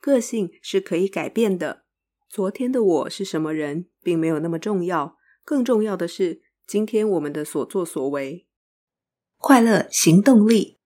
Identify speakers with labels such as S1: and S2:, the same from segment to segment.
S1: 個性是可以改變的。昨天的我是什麼人，並沒有那麼重要，更重要的是今天我們的所作所為。快樂行動力。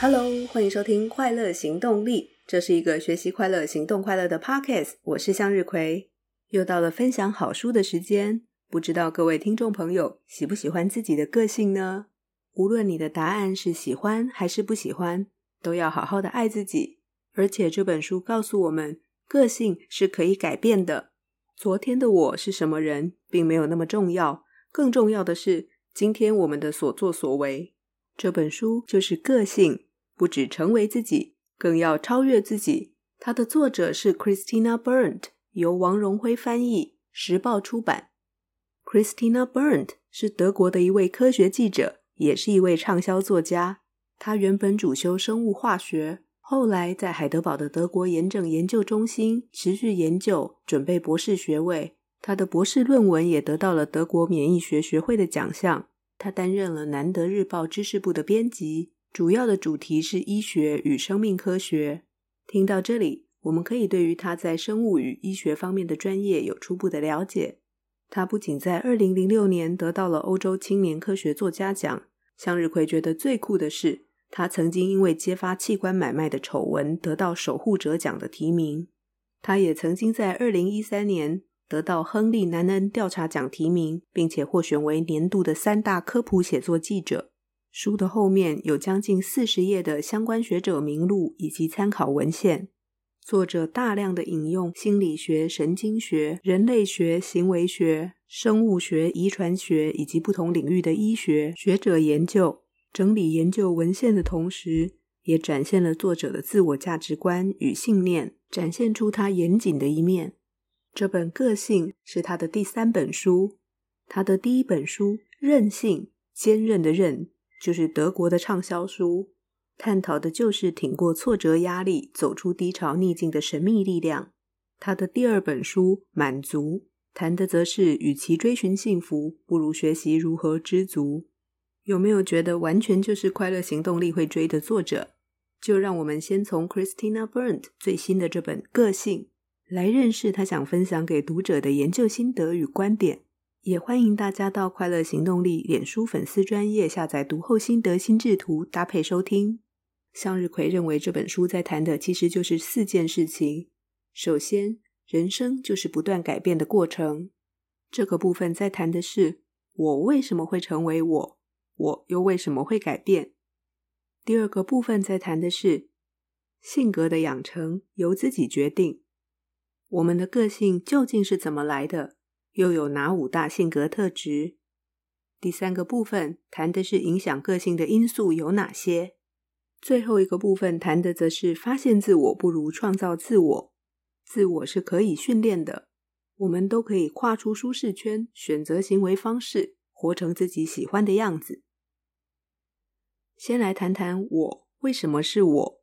S1: Hello，歡迎收聽《快樂行動力》，這是一個學習快樂、行動快樂的 Podcast。我是向日葵，又到了分享好書的時間。不知道各位聽眾朋友喜不喜歡自己的個性呢？無論你的答案是喜歡還是不喜歡，都要好好的愛自己。而且這本書告訴我們，個性是可以改變的。昨天的我是什麼人，並沒有那麼重要，更重要的是今天我們的所作所為。這本書就是個性，不只成為自己，更要超越自己。它的作者是 Christina Berndt，由王榮輝翻譯，時報出版。Christina Berndt 是德國的一位科學記者，也是一位暢銷作家。她原本主修生物化學，後來在海德堡的德國炎症研究中心持續研究，準備博士學位。他的博士論文也得到了德國免疫學學會的獎項。他擔任了《南德日報》知識部的編輯，主要的主題是醫學與生命科學。聽到這裡，我們可以對於他在生物與醫學方面的專業有初步的了解。他不僅在2006年得到了歐洲青年科學作家獎，向日葵覺得最酷的是，他曾經因為揭發器官買賣的醜聞得到守護者獎的提名。他也曾經在2013年得到亨利·南恩調查獎提名，並且獲選為年度的三大科普寫作記者。書的後面有將近四十頁的相關學者名錄以及參考文獻。作者大量的引用心理學、神經學、人類學、行為學、生物學、遺傳學以及不同領域的醫學學者研究，整理研究文獻的同時，也展現了作者的自我價值觀與信念，展現出他嚴謹的一面。這本《個性》是他的第三本書，他的第一本書《韌性》，堅韌的“韌”就是德國的暢銷書。探討的就是挺過挫折、壓力、走出低潮、逆境的神秘力量。他的第二本書《滿足》談的則是，與其追尋幸福，不如學習如何知足。有沒有覺得完全就是快樂行動力會追的作者？就讓我們先從 Christina Berndt 最新的這本《個性》來認識她想分享給讀者的研究心得與觀點。也歡迎大家到快樂行動力臉書粉絲專頁下載讀後心得心智圖，搭配收聽。向日葵認為這本書在談的其實就是四件事情。首先，人生就是不斷改變的過程。這個部分在談的是我為什麼會成為我，我又為什麼會改變。第二個部分在談的是性格的養成由自己決定，我們的個性究竟是怎麼來的，又有哪五大性格特質？第三個部分談的是影響個性的因素有哪些？最後一個部分談的則是發現自我不如創造自我，自我是可以訓練的，我們都可以跨出舒適圈，選擇行為方式，活成自己喜歡的樣子。先來談談我為什麼是我？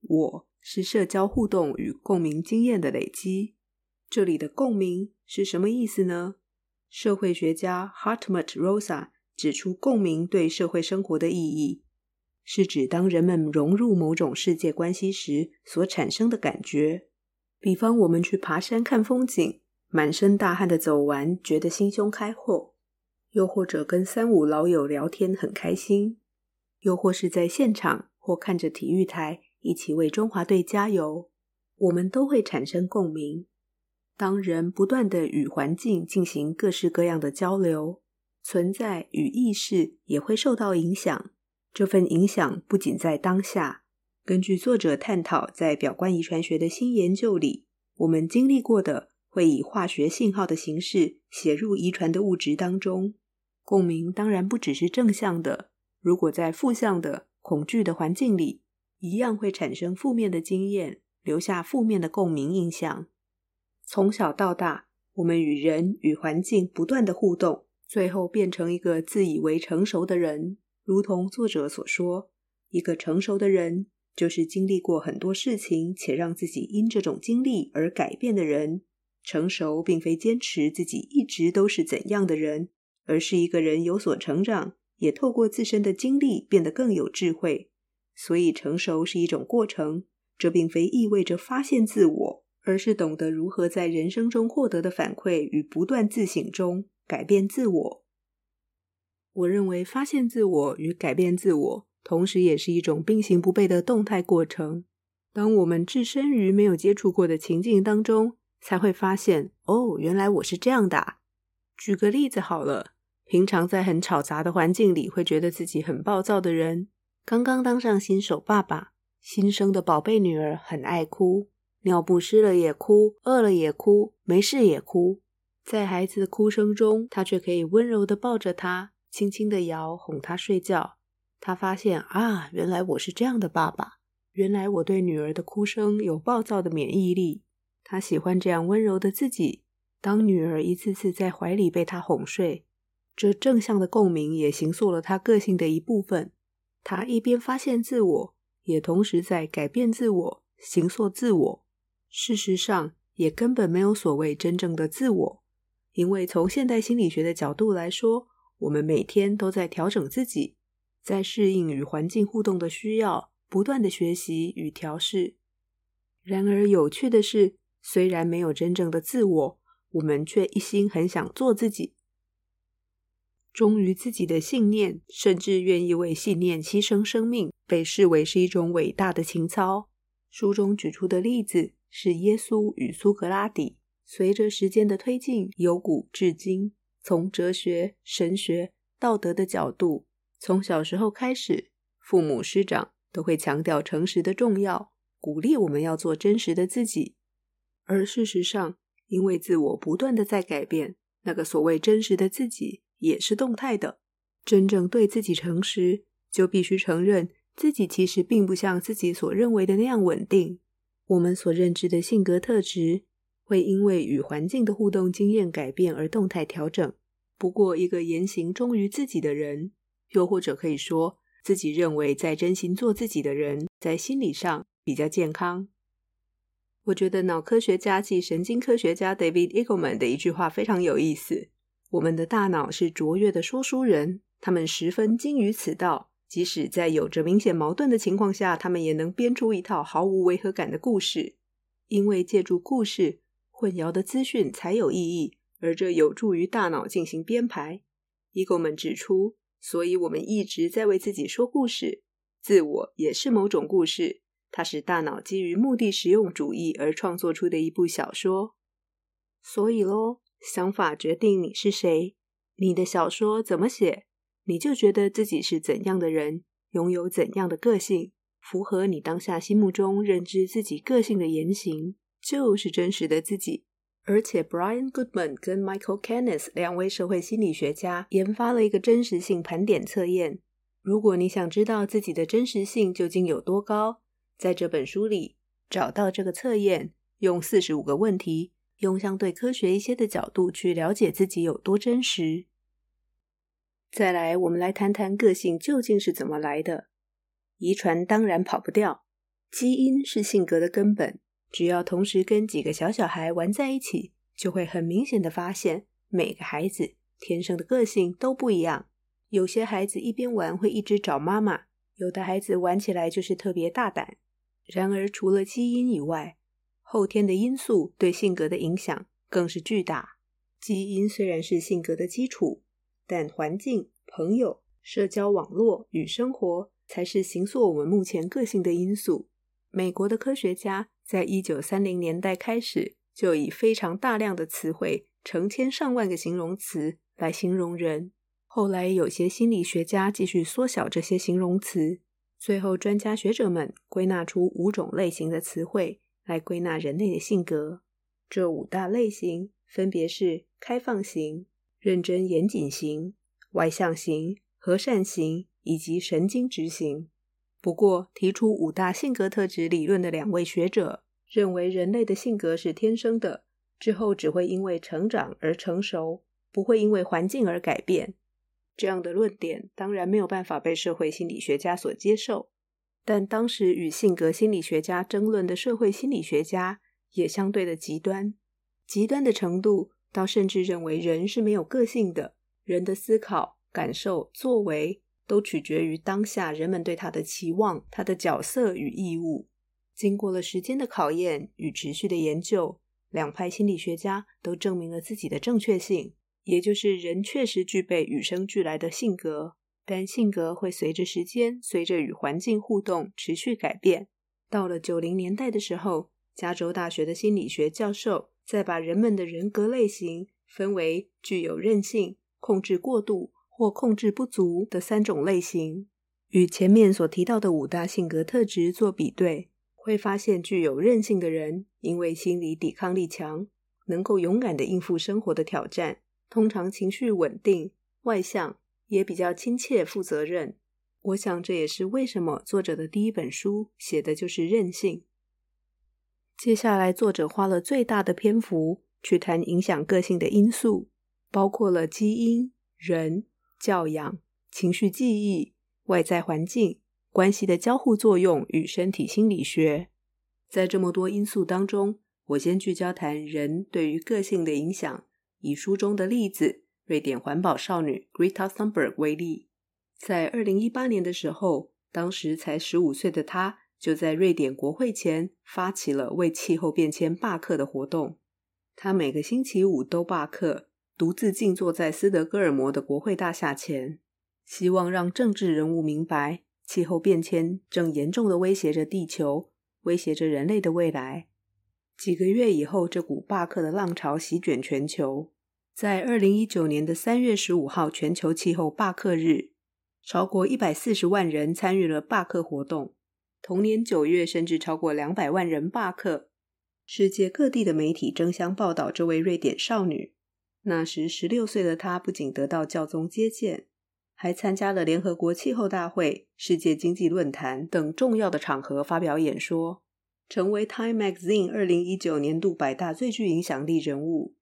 S1: 我是社交互動與共鳴經驗的累積。這裡的共鳴是什麼意思呢？社會學家 Hartmut Rosa 指出共鳴對社會生活的意義。是指當人們融入某種世界關係時所產生的感覺。比方，我們去爬山看風景，滿身大汗的走完，覺得心胸開闊；又或者跟三五老友聊天，很開心；又或是在現場或看着體育台，一起為中華隊加油，我們都會產生共鳴。當人不斷的與環境進行各式各樣的交流，存在與意識也會受到影響。這份影響不僅在當下，根據作者探討在表觀遺傳學的新研究裡，我們經歷過的會以化學信號的形式寫入遺傳的物質當中。共鳴當然不只是正向的，如果在負向的、恐懼的環境裡，一樣會產生負面的經驗，留下負面的共鳴印象。從小到大，我們與人與環境不斷的互動，最後變成一個自以為成熟的人。如同作者所說，一個成熟的人就是經歷過很多事情且讓自己因這種經歷而改變的人。成熟並非堅持自己一直都是怎樣的人，而是一個人有所成長，也透過自身的經歷變得更有智慧。所以，成熟是一種過程，這並非意味着發現自我，而是懂得如何在人生中獲得的反饋與不斷自省中改變自我。我認為發現自我與改變自我，同時也是一種並行不悖的動態過程。當我們置身於沒有接觸過的情境當中，才會發現，哦，原來我是這樣的。舉個例子好了，平常在很吵雜的環境裡，會覺得自己很暴躁的人，剛剛當上新手爸爸，新生的寶貝女兒很愛哭，尿布濕了也哭，餓了也哭，也哭，沒事也哭。在孩子的哭聲中，他卻可以溫柔的抱着他。輕輕的搖，哄他睡覺。他發現啊，原來我是這樣的爸爸，原來我對女兒的哭聲有暴躁的免疫力。他喜歡這樣溫柔的自己。當女兒一次次在懷裡被他哄睡，這正向的共鳴也形塑了他個性的一部分。他一邊發現自我，也同時在改變自我，形塑自我。事實上，也根本沒有所謂真正的自我，因為從現代心理學的角度來說。我們每天都在調整自己，在適應與環境互動的需要，不斷的學習與調試。然而有趣的是，雖然沒有真正的自我，我們卻一心很想做自己，忠於自己的信念，甚至願意為信念犧牲生命，被視為是一種偉大的情操。書中舉出的例子是耶穌與蘇格拉底，隨着時間的推進，由古至今。從哲學、神學、道德的角度，從小時候開始，父母師長都會強調誠實的重要，鼓勵我們要做真實的自己。而事實上，因為自我不斷的在改變，那個所謂真實的自己也是動態的。真正對自己誠實，就必須承認自己其實並不像自己所認為的那樣穩定。我們所認知的性格特質，會因為與環境的互動經驗改變而動態調整。不過，一個言行忠於自己的人，又或者可以說自己認為在真心做自己的人，在心理上比較健康。我覺得腦科學家及神經科學家 David Eagleman 的一句話非常有意思：我們的大腦是卓越的說書人，他們十分精於此道。即使在有着明顯矛盾的情況下，他們也能編出一套毫無違和感的故事，因為借助故事。混淆的資訊才有意義，而這有助於大腦進行編排。Eagleman 們指出，所以我們一直在為自己說故事，自我也是某種故事，它是大腦基於目的實用主義而創作出的一部小說。所以咯，想法決定你是誰，你的小說怎麼寫，你就覺得自己是怎樣的人，擁有怎樣的個性，符合你當下心目中認知自己個性的言行，就是真實的自己，而且 Brian Goodman 跟 Michael Kenis 兩位社會心理學家研發了一個真實性盤點測驗。如果你想知道自己的真實性究竟有多高，在這本書裡找到這個測驗，用四十五個問題，用相對科學一些的角度去了解自己有多真實。再來，我們來談談個性究竟是怎麼來的。遺傳當然跑不掉，基因是性格的根本。只要同時跟幾個小小孩玩在一起，就會很明顯的發現，每個孩子天生的個性都不一樣。有些孩子一邊玩會一直找媽媽，有的孩子玩起來就是特別大膽。然而，除了基因以外，後天的因素對性格的影響更是巨大。基因雖然是性格的基礎，但環境、朋友、社交網絡與生活才是形塑我們目前個性的因素。美國的科學家在一九三零年代開始，就以非常大量的詞彙，成千上萬個形容詞來形容人。後來，有些心理學家繼續縮小這些形容詞，最後專家學者們歸納出五種類型的詞彙來歸納人類的性格。這五大類型分別是開放型、認真嚴謹型、外向型、和善型以及神經質型。不過，提出五大性格特質理論的兩位學者認為，人類的性格是天生的，之後只會因為成長而成熟，不會因為環境而改變。這樣的論點當然沒有辦法被社會心理學家所接受。但當時與性格心理學家爭論的社會心理學家也相對的極端，極端的程度到甚至認為人是沒有個性的，人的思考、感受、作為。都取決於當下人們對他的期望、他的角色與義務。經過了時間的考驗與持續的研究，兩派心理學家都證明了自己的正確性，也就是人確實具備與生俱來的性格，但性格會隨着時間、隨着與環境互動持續改變。到了九零年代的時候，加州大學的心理學教授在把人們的人格類型分為具有韌性、控制過度。或控制不足的三種類型，與前面所提到的五大性格特質做比對，會發現具有韌性的人，因為心理抵抗力強，能夠勇敢地應付生活的挑戰，通常情緒穩定、外向，也比較親切、負責任。我想這也是為什麼作者的第一本書寫的就是韌性。接下來，作者花了最大的篇幅去談影響個性的因素，包括了基因、人、教養、情緒記憶、外在環境、關係的交互作用與身體心理學，在這麼多因素當中，我先聚焦談人對於個性的影響。以書中的例子，瑞典環保少女 Greta Thunberg 為例，在二零一八年的時候，當時才十五歲的她，就在瑞典國會前發起了為氣候變遷罷課的活動。他每個星期五都罷課。獨自靜坐在斯德哥爾摩的國會大廈前，希望讓政治人物明白，氣候變遷正嚴重地威脅着地球，威脅着人類的未來。幾個月以後，這股罷課的浪潮席捲全球。在二零一九年的三月十五號，全球氣候罷課日，超過一百四十萬人參與了罷課活動。同年九月，甚至超過兩百萬人罷課。世界各地的媒體爭相報道這位瑞典少女。那時，十六歲的她不僅得到教宗接見，還參加了聯合國氣候大會、世界經濟論壇等重要的場合發表演說，成為《Time》Magazine 二零一九年度百大最具影響力人物。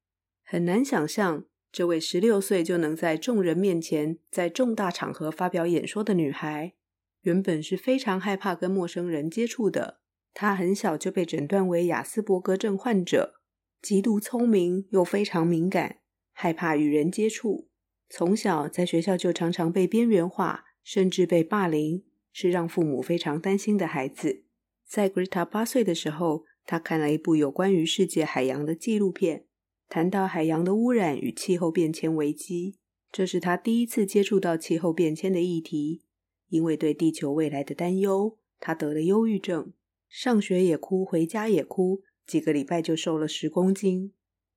S1: 很難想象，這位十六歲就能在眾人面前在重大場合發表演說的女孩，原本是非常害怕跟陌生人接觸的。她很小就被診斷為亞斯伯格症患者，極度聰明又非常敏感。害怕與人接觸，從小在學校就常常被邊緣化，甚至被霸凌，是讓父母非常擔心的孩子。在 Greta 八歲的時候，他看了一部有關於世界海洋的紀錄片，談到海洋的污染與氣候變遷危機，這是他第一次接觸到氣候變遷的議題。因為對地球未來的擔憂，他得了憂鬱症，上學也哭，回家也哭，幾個禮拜就瘦了十公斤。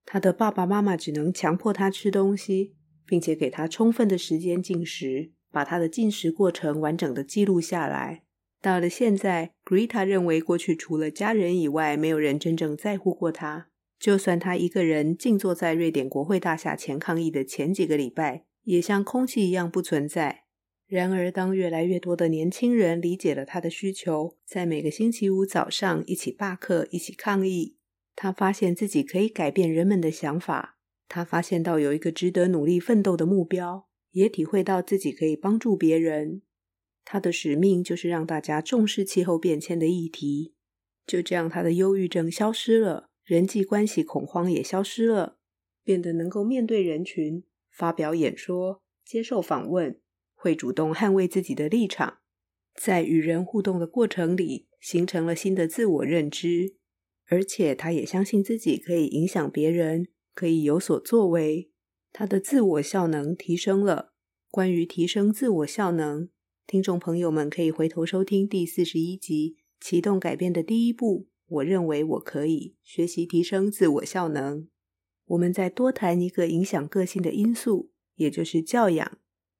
S1: 他的爸爸媽媽只能強迫他吃東西，並且給他充分的時間進食，把他的進食過程完整地記錄下來。到了現在，Greta 認為，過去除了家人以外，沒有人真正在乎過他。就算他一個人靜坐在瑞典國會大廈前抗議的前幾個禮拜，也像空氣一樣不存在。然而，當越來越多的年輕人理解了他的需求，在每個星期五早上一起罷課，一起抗議。他發現自己可以改變人們的想法，他發現到有一個值得努力奮鬥的目標，也體會到自己可以幫助別人。他的使命就是讓大家重視氣候變遷的議題。就這樣，他的憂鬱症消失了，人際關係恐慌也消失了，變得能夠面對人群發表演說、接受訪問，會主動捍衛自己的立場，在與人互動的過程裡，形成了新的自我認知。而且他也相信自己可以影響別人，可以有所作為。他的自我效能提升了。關於提升自我效能，聽眾朋友們可以回頭收聽第四十一集《啟動改變的第一步》。我認為我可以學習提升自我效能。我們再多談一個影響個性的因素，也就是教養。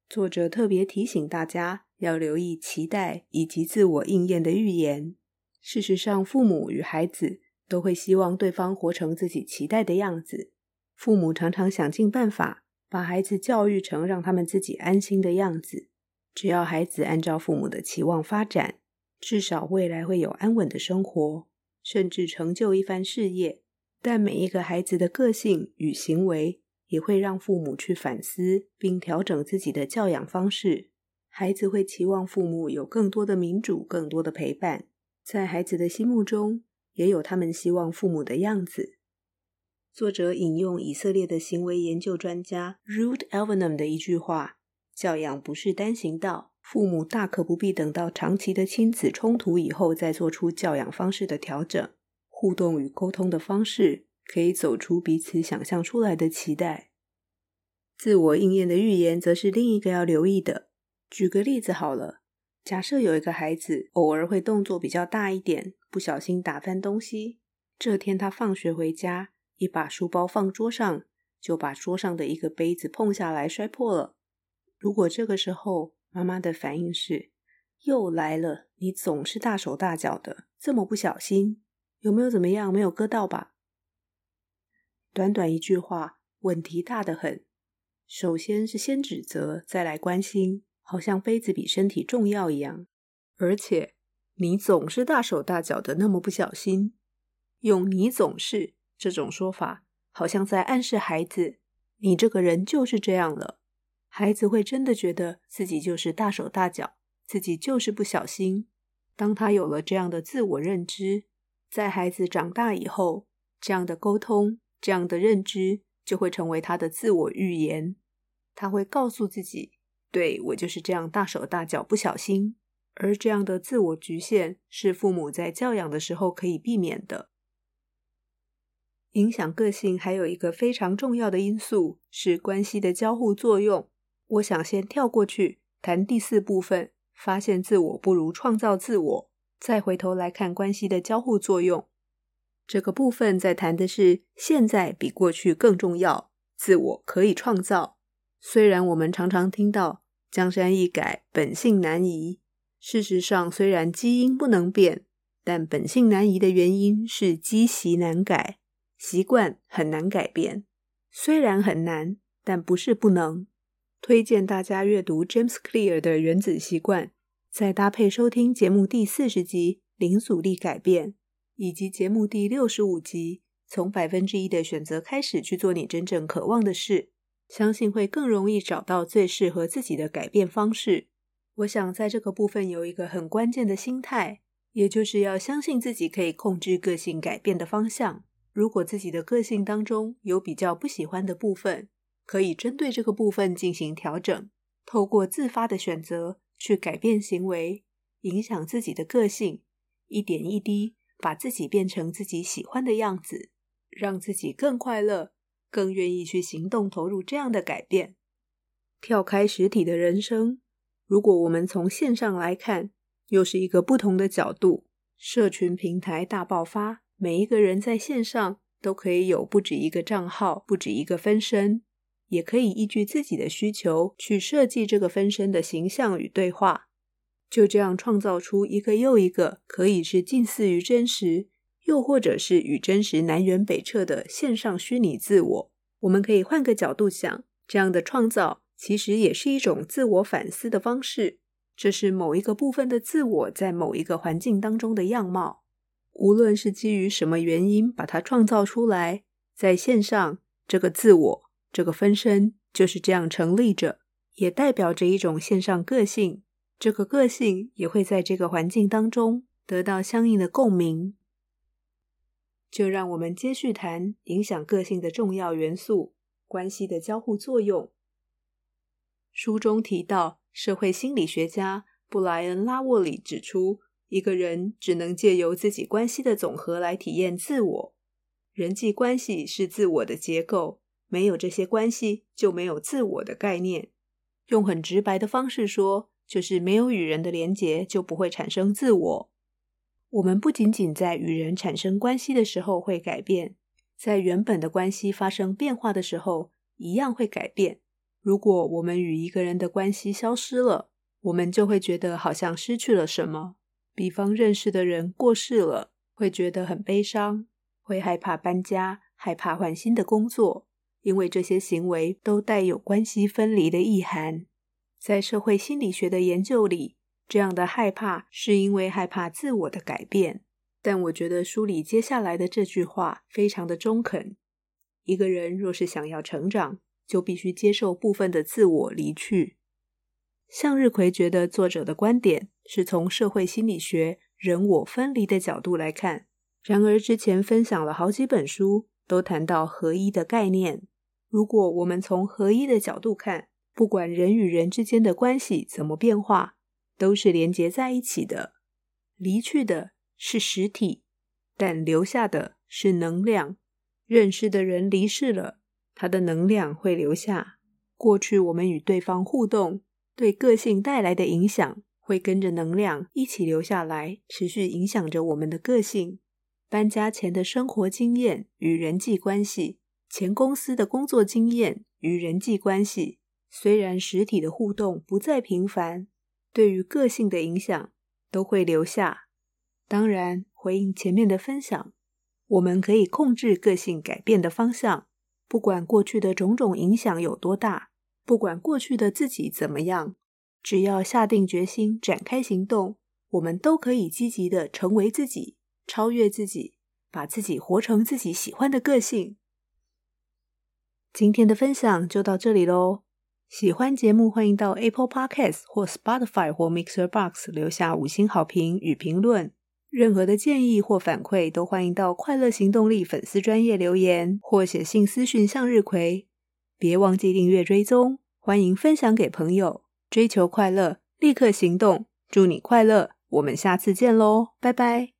S1: 作者特別提醒大家要留意期待以及自我應驗的預言。事實上，父母與孩子，都會希望對方活成自己期待的樣子。父母常常想盡辦法把孩子教育成讓他們自己安心的樣子。只要孩子按照父母的期望發展，至少未來會有安穩的生活，甚至成就一番事業。但每一個孩子的個性與行為也會讓父母去反思並調整自己的教養方式。孩子會期望父母有更多的民主，更多的陪伴。在孩子的心目中，也有他們希望父母的樣子。作者引用以色列的行為研究專家 Ruth Alvinum 的一句話：“教養不是單行道，父母大可不必等到長期的親子衝突以後再做出教養方式的調整。互動與溝通的方式可以走出彼此想象出來的期待。”自我應驗的預言則是另一個要留意的。舉個例子好了。假設有一個孩子偶爾會動作比較大一點，不小心打翻東西。這天他放學回家，一把書包放桌上，就把桌上的一個杯子碰下來摔破了。如果這個時候媽媽的反應是“又來了，你總是大手大腳的，這麼不小心，有沒有怎麼樣？沒有割到吧？”短短一句話，問題大得很。首先是先指責，再來關心。好像杯子比身體重要一樣，而且你總是大手大腳的，那麼不小心。用“你總是”這種說法，好像在暗示孩子，你這個人就是這樣了。孩子會真的覺得自己就是大手大腳，自己就是不小心。當他有了這樣的自我認知，在孩子長大以後，這樣的溝通，這樣的認知，就會成為他的自我預言。他會告訴自己。對，我就是這樣大手大腳、不小心，而這樣的自我局限是父母在教養的時候可以避免的。影響個性還有一個非常重要的因素，是關係的交互作用。我想先跳過去，談第四部分，發現自我不如創造自我，再回頭來看關係的交互作用。這個部分在談的是現在比過去更重要，自我可以創造。雖然我們常常聽到。江山易改，本性難移。事實上，雖然基因不能變，但本性難移的原因是積習難改，習慣很難改變。雖然很難，但不是不能。推薦大家閱讀 James Clear 的《原子習慣》，再搭配收聽節目第四十集《零阻力改變》，以及節目第六十五集《從百分之一的選擇開始去做你真正渴望的事》。相信會更容易找到最適合自己的改變方式。我想在這個部分有一個很關鍵的心態，也就是要相信自己可以控制個性改變的方向。如果自己的個性當中有比較不喜歡的部分，可以針對這個部分進行調整，透過自發的選擇去改變行為，影響自己的個性，一點一滴把自己變成自己喜歡的樣子，讓自己更快樂。更願意去行動，投入這樣的改變。跳開實體的人生，如果我們從線上來看，又是一個不同的角度。社群平台大爆發，每一個人在線上都可以有不止一個賬號，不止一個分身，也可以依據自己的需求去設計這個分身的形象與對話，就這樣創造出一個又一個可以是近似於真實。又或者是與真實南轅北轍的線上虛擬自我，我們可以換個角度想，這樣的創造其實也是一種自我反思的方式。這是某一個部分的自我在某一個環境當中的樣貌。無論是基於什麼原因把它創造出來，在線上這個自我這個分身就是這樣成立着，也代表着一種線上個性。這個個性也會在這個環境當中得到相應的共鳴。就讓我們接續談影響個性的重要元素——關係的交互作用。書中提到，社會心理學家布萊恩·拉沃里指出，一個人只能借由自己關係的總和來體驗自我。人際關係是自我的結構，沒有這些關係，就沒有自我的概念。用很直白的方式說，就是沒有與人的連結，就不會產生自我。我們不僅僅在與人產生關係的時候會改變，在原本的關係發生變化的時候，一樣會改變。如果我們與一個人的關係消失了，我們就會覺得好像失去了什麼。比方認識的人過世了，會覺得很悲傷，會害怕搬家，害怕換新的工作，因為這些行為都帶有關係分離的意涵。在社會心理學的研究裡。這樣的害怕是因為害怕自我的改變，但我覺得書裡接下來的這句話非常的中肯。一個人若是想要成長，就必須接受部分的自我離去。向日葵覺得作者的觀點是從社會心理學，人我分離的角度來看，然而之前分享了好幾本書都談到合一的概念。如果我們從合一的角度看，不管人與人之間的關係怎麼變化，都是連結在一起的。離去的是實體，但留下的是能量。認識的人離世了，他的能量會留下。過去我們與對方互動，對個性帶來的影響，會跟着能量一起留下來，持續影響着我們的個性。搬家前的生活經驗與人際關係，前公司的工作經驗與人際關係，雖然實體的互動不再頻繁。對於個性的影響都會留下。當然，回應前面的分享，我們可以控制個性改變的方向。不管過去的種種影響有多大，不管過去的自己怎麼樣，只要下定決心，展開行動，我們都可以積極地成為自己，超越自己，把自己活成自己喜歡的個性。今天的分享就到這裡嘍。喜歡節目，歡迎到 Apple Podcasts 或 Spotify 或 Mixer Box 留下五星好評與評論。任何的建議或反饋都歡迎到快樂行動力粉絲專頁留言或寫信私訊向日葵。別忘記訂閱追蹤，歡迎分享給朋友。追求快樂，立刻行動。祝你快樂，我們下次見嘍，拜拜。